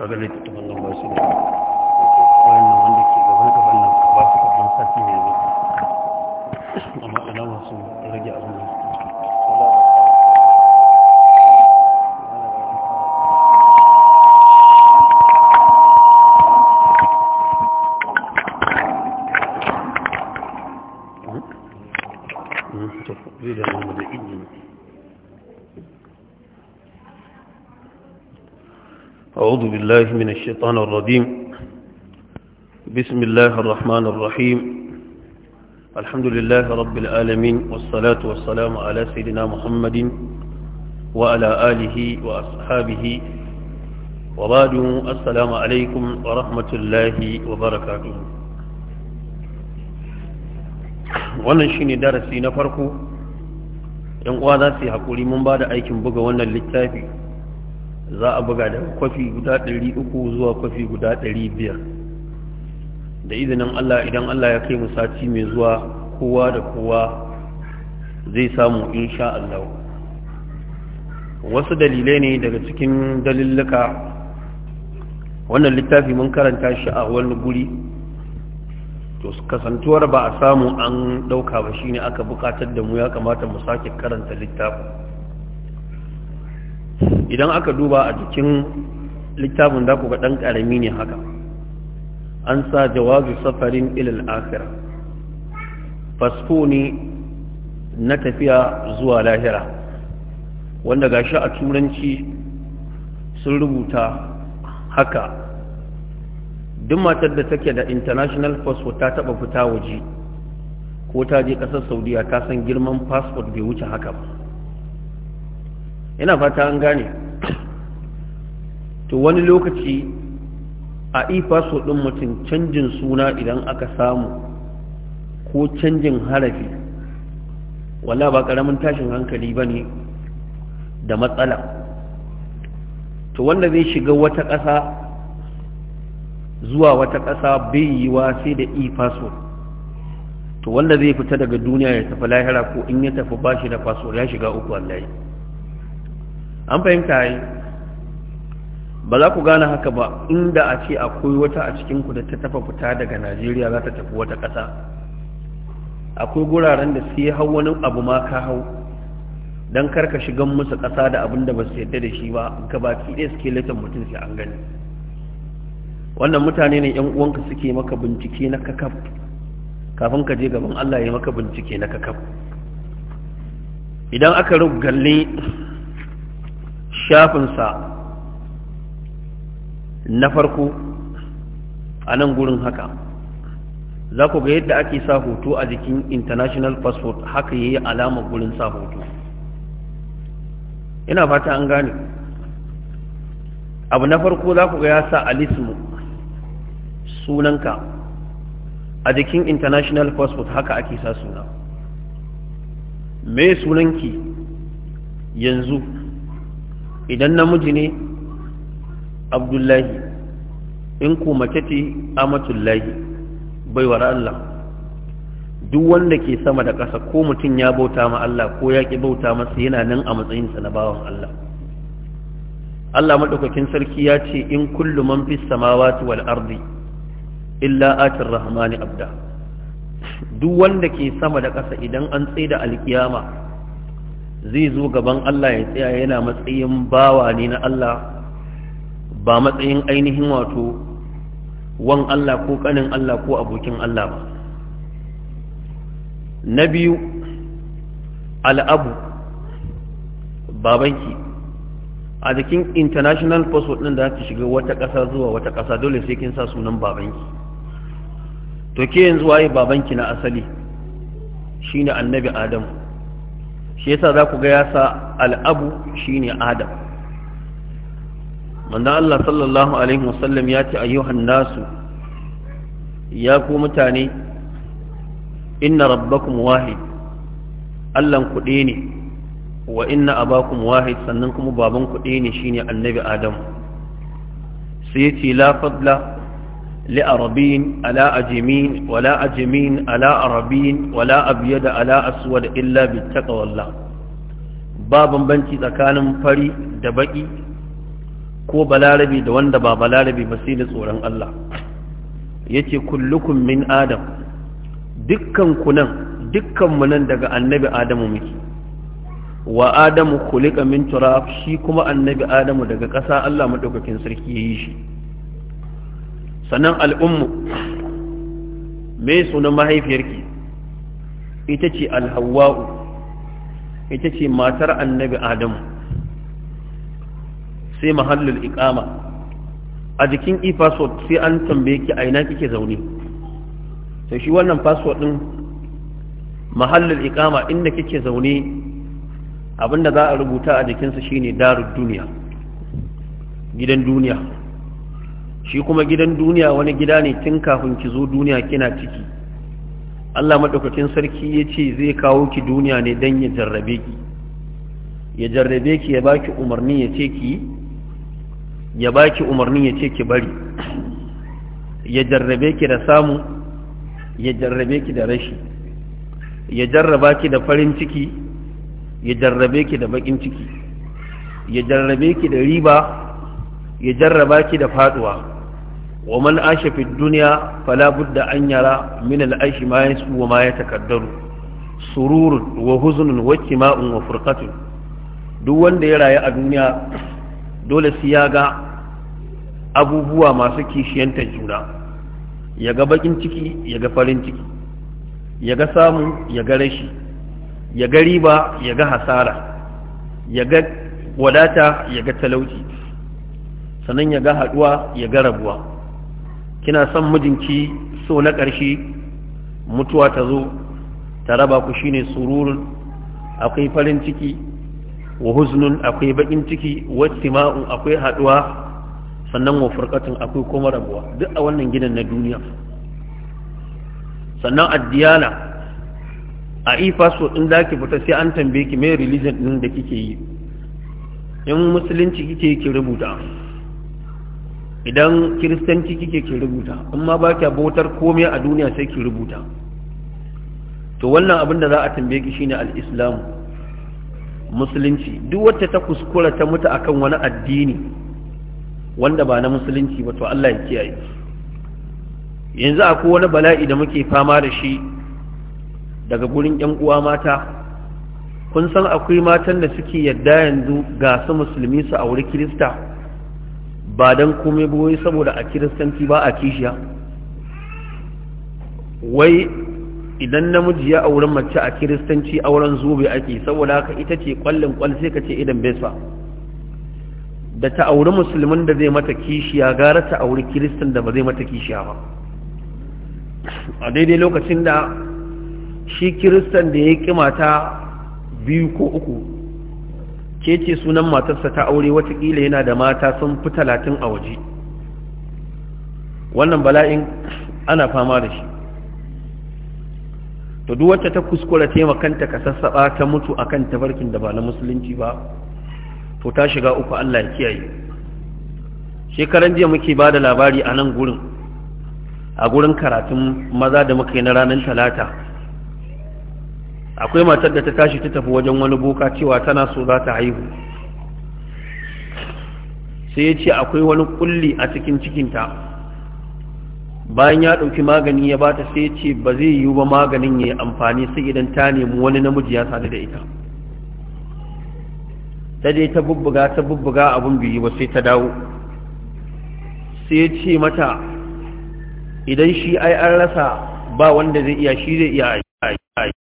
kaga littattafan nan ba su da wannan wanda ke gaban gaban nan ba su kafin sati mai zuwa amma alama su rage abin nan أعوذ بالله من الشيطان الرجيم بسم الله الرحمن الرحيم الحمد لله رب العالمين والصلاة والسلام على سيدنا محمد وعلى آله وأصحابه وبعد السلام عليكم ورحمة الله وبركاته wannan shine darasi na farko yan uwa za su yi haƙuri mun ba da aikin buga wannan littafi za a buga da kwafi guda ɗari uku zuwa kwafi guda ɗari biyar. da izinin Allah idan Allah ya kai mu sati mai zuwa kowa da kowa zai samu insha Allah wasu dalilai ne daga cikin dalilluka wannan littafi mun karanta shi a wani guri to kasantuwar ba a samu an ɗauka ba shine aka bukatar da mu ya kamata mu sake karanta littafi. idan aka duba a cikin littafin da ku ga ɗan ƙarami ne haka an sa jawazu safarin ilil akhira fasfo ne na tafiya zuwa lahira wanda gashi a turanci sun rubuta haka duk matar da take da international passport ta taɓa fita waje ko ta je ƙasar saudiya ta san girman passport bai wuce haka ba yana fata an gane to wani lokaci a so ɗin mutum canjin suna idan aka samu ko canjin harafi wala ba karamin tashin hankali ba ne da matsala to wanda zai shiga wata ƙasa zuwa wata ƙasa bai yiwa sai da e-password to wanda zai fita daga duniya ya tafi lahira ko in ya tafi bashi da faso ya shiga uku wallahi an fahimta yi ba za ku gane haka ba inda a ce akwai wata a cikinku da ta tafa fita daga najeriya za ta tafi wata ƙasa akwai guraren da yi hau wani abu ma ka hau don karka shigan musu ƙasa da abin da ba su yadda da shi ba ga baki ɗaya suke latin mutum sai an gani wannan mutane ne yan uwanka suke maka bincike na kakaf kafin ka je gaban allah ya maka bincike na kakaf idan aka rugalle shafinsa na farko a nan gurin haka za ku ga yadda ake sa hoto a jikin international passport haka ya yi alamar gurin sa hoto ina fata an gane abu na farko za ku ga ya sa alismu sunanka a jikin international passport haka ake sa suna me sunanki yanzu idan namiji ne abdullahi in ku mace ce amatullahi bai wa Allah duk wanda ke sama da ƙasa ko mutum ya bauta ma Allah ko ya ƙi bauta masa yana nan a matsayinsa na bawan Allah Allah maɗaukakin sarki ya ce in kullu man fi samawati wal ardi illa atir rahmani abda duk wanda ke sama da ƙasa idan an tsaye da alkiyama zai zo gaban Allah ya tsaya yana matsayin bawa ne na Allah ba matsayin ainihin wato wan Allah ko kanin Allah ko abokin Allah ba na biyu al'abu babanki a jikin international passport ɗin da ta shiga wata ƙasa zuwa wata ƙasa dole sai kin sa sunan babanki to ke yanzu waye babanki na asali shine annabi adamu shi yasa za ku ga ya sa al'abu shi ne adam manzan Allah sallallahu Alaihi wasallam ya ce ayyuhan nasu ya ku mutane inna rabbakum wahid allan kuɗe ne wa inna abakum wahid sannan kuma baban kuɗe ne shine annabi adam sai ya ce la لأربين على أجمين ولا أجمين على أربين ولا أبيض على أسود إلا بالتقوى الله باب بنتي تكان فري دبقي ko balarabi da wanda ba balarabi ba sai da tsoron Allah yace kullukum min adam dukkan mu nan daga annabi adamu muke wa adamu khuliqa min turab shi kuma annabi adamu daga ƙasa Allah madaukakin sarki ya yi shi sannan al'ummu me sunan mahaifiyarki ita ce alhawa'u ita ce matar annabi adamu sai mahallul iqama a jikin e-password sai an tambaye ki a ina kike zaune to shi wannan password din mahallul iqama inda kike zaune abinda za a rubuta a jikinsa shine darud duniya gidan duniya shi kuma gidan duniya wani gida ne tun kafin ki zo duniya kina ciki Allah madaukakin sarki ya ce zai kawo ki duniya ne don ya jarrabe ki ya jarrabe ki ya baki umarni ya ce ki ya baki umarni ya ce ki bari ya jarrabe ki da samu ya jarrabe ki da rashi ya jarraba ki da farin ciki ya jarrabe ki da bakin ciki ya jarrabe ki da riba ya jarraba ki da faduwa wa man asha fi dunya fala budda an yara min al aishi ma yasu wa ma yatakaddaru sururun wa huzunun wa kima'un wa furqatu duk wanda ya rayu a duniya dole sai ya ga abubuwa masu kishiyanta juna ya ga bakin ciki ya ga farin ciki ya ga samu ya ga rashi ya ga riba ya ga hasara ya ga wadata ya ga talauci sannan ya ga haɗuwa ya ga rabuwa kina son mijinki so na ƙarshe mutuwa ta zo ta raba ku shine sururun akwai farin ciki wa huznun akwai bakin ciki wa tima'u akwai haɗuwa sannan wa furqatun akwai kuma rabuwa duk a wannan gidan na duniya sannan addiyana a ifaso in zaki fita sai an tambaye ki mai religion din da kike yi in musulunci kike ki rubuta idan kiristanci kike ki rubuta in ba kya bautar komai a duniya sai ki rubuta to wannan abin da za a tambaye ki shine al-islam musulunci duk wacce ta kuskura ta mutu akan wani addini wanda ba na musulunci ba to Allah ya kiyaye yanzu akwai wani bala'i da muke fama da shi daga gurin ƴan uwa mata kun san akwai matan da suke yadda yanzu ga su musulmi su auri kirista ba don komai ba wai saboda a kiristanci ba a kishiya wai idan namiji ya auren mace a kiristanci auren zobe ake saboda haka ita ce kwallon kwal sai ka ce idan besa da ta auri musulmin da zai mata kishiya gara ta auri kiristan da ba zai mata kishiya ba a daidai lokacin da shi kiristan da ya ƙi mata biyu ko uku ke ce sunan matarsa ta aure watakila yana da mata sun fi talatin a waje wannan bala'in ana fama da shi to duk wacce ta kuskura taimakanta ka sassaɓa ta mutu a kan tafarkin da ba na musulunci ba to ta shiga uku Allah ya kiyaye shekaran jiya muke ba da labari a nan gurin a gurin karatun maza da muka yi na ranar talata akwai matar da ta tashi ta tafi wajen wani boka cewa tana so za ta haihu sai ya ce akwai wani kulli a cikin cikinta bayan ya ɗauki magani ya bata sai ya ce ba zai yiwu ba maganin ya yi amfani sai idan ta nemi wani namiji ya sadu da ita ta je ta bubbuga ta bubbuga abin biyu ba sai ta dawo sai ya ce mata idan shi ai an rasa ba wanda zai iya shi zai iya